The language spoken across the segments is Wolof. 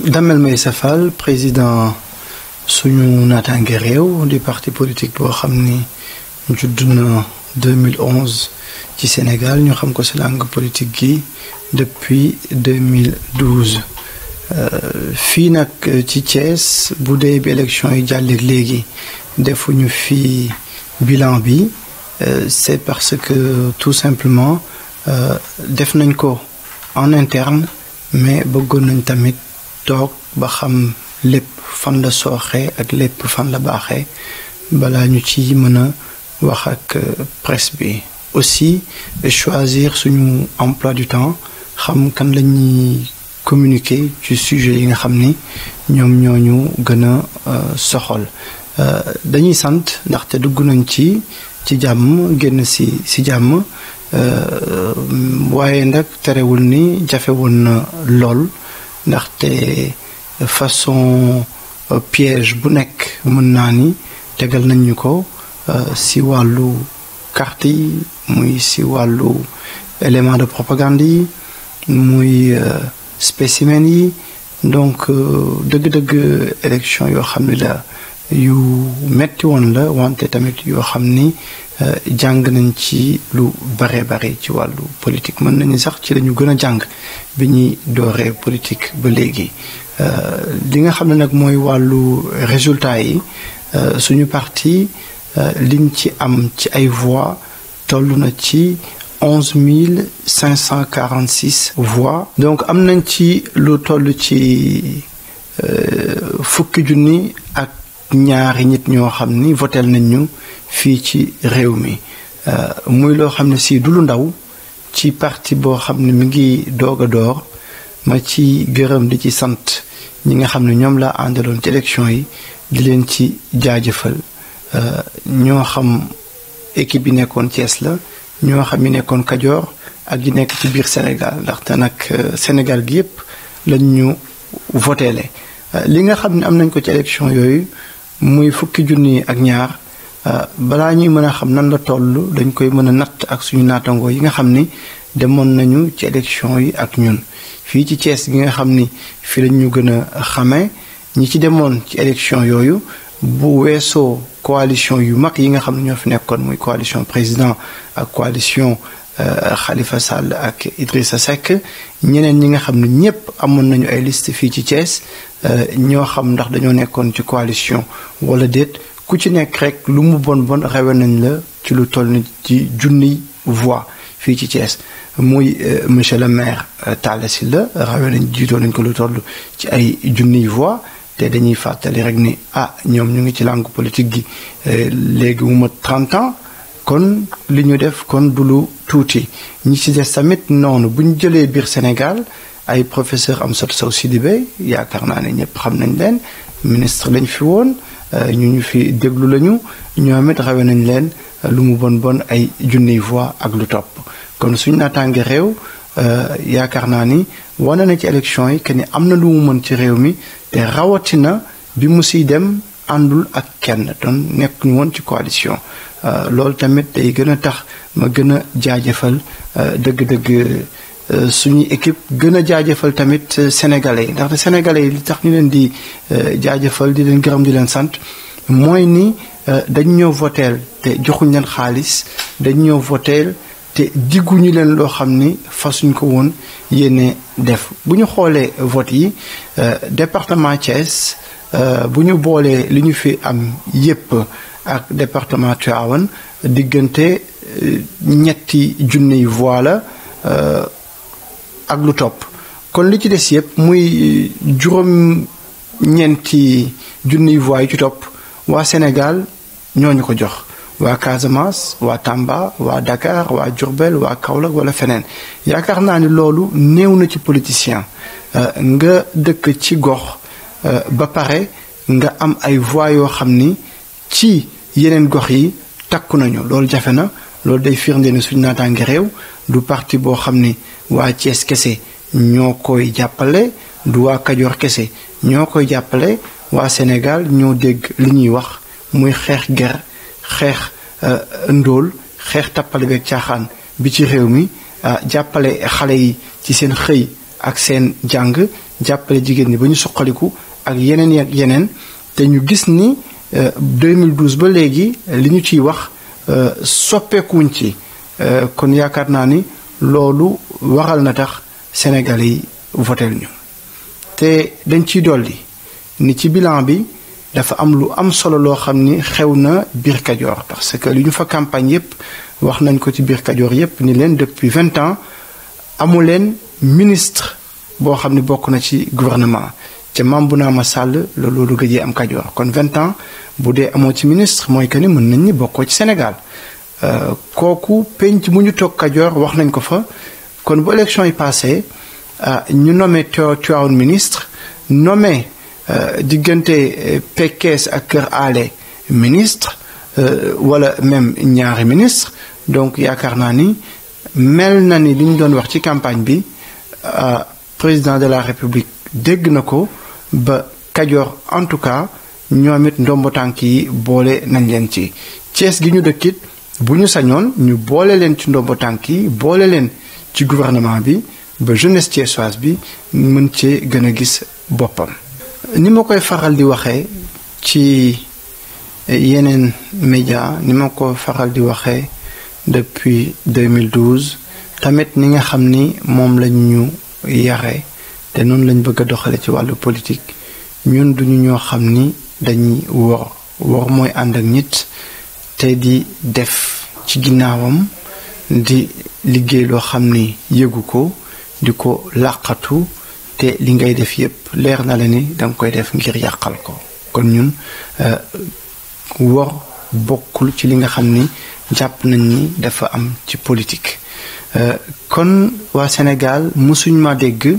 Damel Meissa président suñu naataange réew du parti politique pour xam du 2011 qui Sénégal nous xam ko la langue politique gi depuis 2012 euh, Fin nag euh, ci Thiès bu bi élection yi légui defu ñu fi bilan bi euh, c'est parce que tout simplement def nañ ko en interne mais bëggoon nañ tamit toog ba xam lépp fan la sooxee ak lépp fan la baaxee balaa ñu ci mën a wax ak euh, presse bi aussi choisir suñu emploi du temps xam kan la ñuy ci sujet yi nga xam ni ñoom ñooñu gën a euh, soxal euh, dañuy sant ndaxte dugg nañ ci ci jàmm génn si si jàmm waaye nag terewul ni jafe woon na lool ndaxte façon euh, piège bu nekk mën naa ni tegal nañ ñu ko euh, si wàllu carte yi si wàllu élément de propagande yi muy euh, spécimen yi donc dëgg-dëgg élection yoo xam la You metti woon la wante tamit yoo xam ni euh, nañ ci lu bare bare ci politique mën nañu sax ci lañu gën a jàng bi politique ba léegi euh, li nga xam ne nag résultat euh, parti liñ ci am ci voix onze voix donc am nañ ci lu ñaari nit ñoo xam ni votel nañ ñu fii ci réew mi euh, muy loo xam ne si du lu ndaw ci parti boo xam ne mu ngi doog a door ma ci gërëm di ci sant ñi nga xam ne ñoom laa àndaloon ci élection yi di leen ci jaajëfal euh, ñoo xam équipe yi nekkoon Thiès la ñoo xam yi nekkoon Kajoor ak yi nekk ci biir Sénégal ndaxte nag euh, Sénégal gi yëpp lañ ñu voteele li nga xam ne am nañ ko ci élection yooyu muy fukki junni ak ñaar euh, balaa ñuy mën a xam nan la toll dañ koy mën a natt ak suñu naatangoo yi nga xam ni demoon nañu ci élection yi ak ñun fii ci cees gi nga xam ni fi lañ ñu gën a xamee ñi ci demoon ci élection yooyu bu weesoo coalition yu mag yi nga xam ne ñoo fi nekkoon muy coalition président ak coalition Euh, Khalifa Sall ak Idrissa Seck ñeneen ñi nga xam ne ñëpp amoon nañu ay liste fii ci Thiès euh, ñoo xam ndax dañoo nekkoon ci coalition wala déet ku ci nekk rek lu mu bon bon rewe nañ la ci lu toll ni ci junniy voix fii ci Thiès muy euh, monsieur le maire Talla Sylla rawe nañ jiitoo nañ ko lu toll ci ay junniy voix te dañuy fàttali rek ni ah ñoom ñu ngi ci langue politique gi léegi mu ma 30 ans kon li ñu def kon du lu tuuti ñi ci des tamit noonu bu ñu jëlee biir Sénégal ay professeur am sot Sow Sidibé yaakaar naa ne ñëpp xam nañ leen ministre lañ fi woon euh, ñu ñu fi déglu lañu ñoom it rawe nañ leen euh, lu mu bon bon ay junniy voix ak lu topp kon suñ naataange réew euh, yaakaar naa ni wane na ci élection yi que ni am na lu mu mën ci réew mi te rawatina bi mu dem àndul ak kenn doon nekk ñu woon ci coalition euh, loolu tamit day gën a tax ma gën a jaajëfal euh, dëgg-dëgg euh, suñu équipe gën a jaajëfal tamit sénégalais yi ndaxte sénégalais yi li tax ñu leen di jaajëfal di leen gërëm di leen sant mooy ni dañ ñëw voteel te joxuñ leen xaalis dañ ñëw voteel te digguñu leen loo xam ni fasuñ ko woon yéene def bu ñu xoolee vote yi département Thiès Euh, bu ñu boolee li ñu fi am yépp ak département Tivaouane diggante euh, ñetti junniy voix la euh, ak lu topp kon li ci des yépp muy juróom ñenti junniy voix yi ci topp waa Sénégal ñoo ñu ko jox waa Casamance waa Tamba waa Dakar waa Diourbel waa Kaolack wala feneen yaakaar naa ni loolu néew na ci politicien nga dëkk ci gox euh, ba pare nga am ay voix yoo xam ni ci yeneen gox yi takku nañu loolu jafe na firnde ne naataange du parti Bo xam ni waa Thiès kese ñoo koy jàppale du waa Kadior kese ñoo koy jàppale waa Sénégal ñoo dégg li ñuy wax muy xeex ger xeex euh, ndóol xeex tappale beeg caaxaan bi ci réew mi ah, jàppale xale yi ci seen xëy ak ak yeneen yi yeneen te ñu gis ni 2012 euh, ba léegi euh, li ñu ciy wax euh, soppeekuñ ci kon yaakaar naa ni loolu waral na tax Sénégal yi voteel ñu te dañ ciy dolli ni ci bilan bi dafa am lu am solo loo xam ni xew na biir Kajoor parce que li ñu fa campagne yépp wax nañ ko ci biir Kajoor yépp ni leen depuis vingt ans amu leen ministre boo xam ni bokk na ci gouvernement ca maam bu ma sàll la loolu am Kajoor kon vingt ans bu dee amoo ci ministre mooy que ni mën nañ ni bokkoo ci Sénégal euh, kooku penc mu ñu toog Kajoor wax nañ ko fa kon bu élection yi passé euh, ñu nommé Tivaouane ministre nommé euh, diggante Pekes ak Kër Ale ministre wala même ñaari ministre donc yaakaar naa ni mel na ni li ñu doon wax ci campagne bi président de la République dégg na ko ba Kajoor en tout cas ñoom it tànk yi boole nañ leen ci Cees gi ñu dëkkit bu ñu sañoon ñu boole leen ci ndombo tànk yi boole leen ci gouvernement bi ba jeunesse thiessoise bi mën cee gën a gis boppam ni ma koy faral di waxee ci yeneen média ni ma ko faral di waxee depuis 2012 tamit ni nga xam ni moom lañ ñu yare te noonu lañ bëgg a doxale ci wàllu politique ñun duñu ñoo xam ni dañuy wor wor mooy ànd ak nit te di def ci ginnaawam di liggéey loo xam ni yëgu ko di ko làqatu te li ngay def yépp leer na la ni danga koy def ngir yàqal ko kon ñun euh, wor bokkul ci li nga xam ni jàpp nañ ni dafa am ci politique euh, kon waa Sénégal mosuñ ma dégg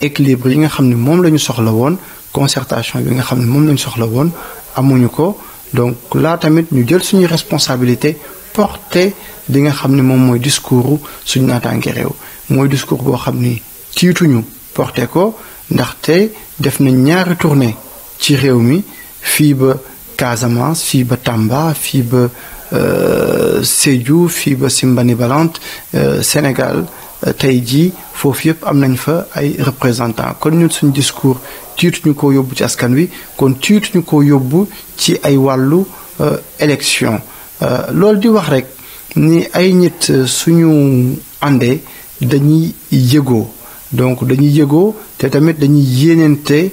équilibre yi nga xam ne moom la ñu soxla woon concertation bi nga xam ne moom la ñu soxla woon amuñu ko donc là tamit ñu jël suñu responsabilité porter li nga xam ne moom mooy discours suñu naataange réew mooy discours boo xam ni tiituñu porter ko ndaxte def na ñaari tournée ci réew mi fii ba Casamance fii ba Tamba fii ba euh, Sédhiou fii ba Simbani Balante euh, Sénégal euh, tey jii foofu yëpp am nañ fa ay représentant kon ñun suñu discours tiituñu ko yóbbu ci askan wi kon tiituñu ko yóbbu ci ay wàllu euh, élection euh, loolu di wax rek ni ay nit suñu àndee dañuy yëgoo donc dañuy yëgoo te tamit dañuy yéenente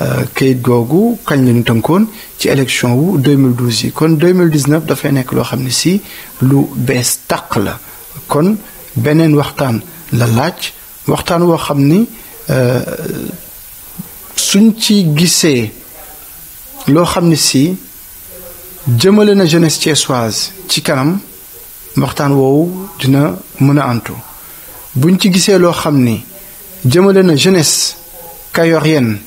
Euh, kayit googu kañ la ñu tënkoon ci élection 2012 yi kon 2019 dafay nekk loo xam ne si lu bees tàq la kon beneen waxtaan la laaj waxtaan woo xam ni euh, suñ ci gisee loo xam si jëmale na jeunesse thiessoise ci kanam waxtaan woowu dina mën a antu buñ ci gisee loo xam ni na jeunesse kayorienne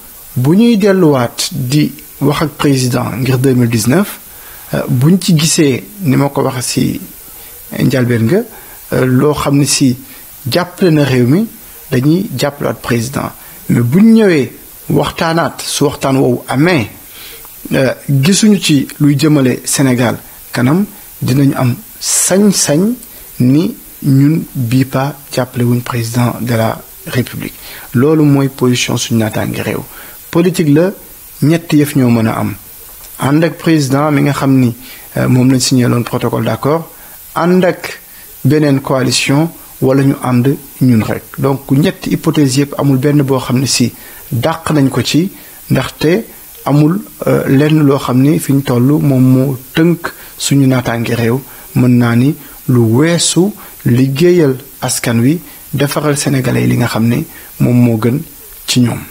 bu ñuy delluwaat di wax ak président ngir 2019 euh, buñ ci gisee ni ma ko wax si njalbeen nga euh, loo xam ne si jàppale na réew mi dañuy président mais buñ ñëwee waxtaanaat su waxtaan woowu amee euh, gisuñu ci luy jëmale Sénégal kanam dinañu am sañ-sañ ni ñun bii pa jàppale wuñ président de la république loolu mooy position suñu naataange réew politique la ñetti yef ñoo mën am ànd ak président mi nga xam ni euh, moom lañ signé loon protocole d'accord ànd ak beneen coalition wala ñu ànd ñun rek donc ñetti hypothèse yëpp amul benn boo xam si dàq nañ ko ci ndaxte amul euh, lenn loo xam ni fi ñu toll moom moo tënk suñu naataangi réew mën naa ni lu weesu liggéeyal askan wi defaral sénégalais li nga xam ne moom gën ci ñoom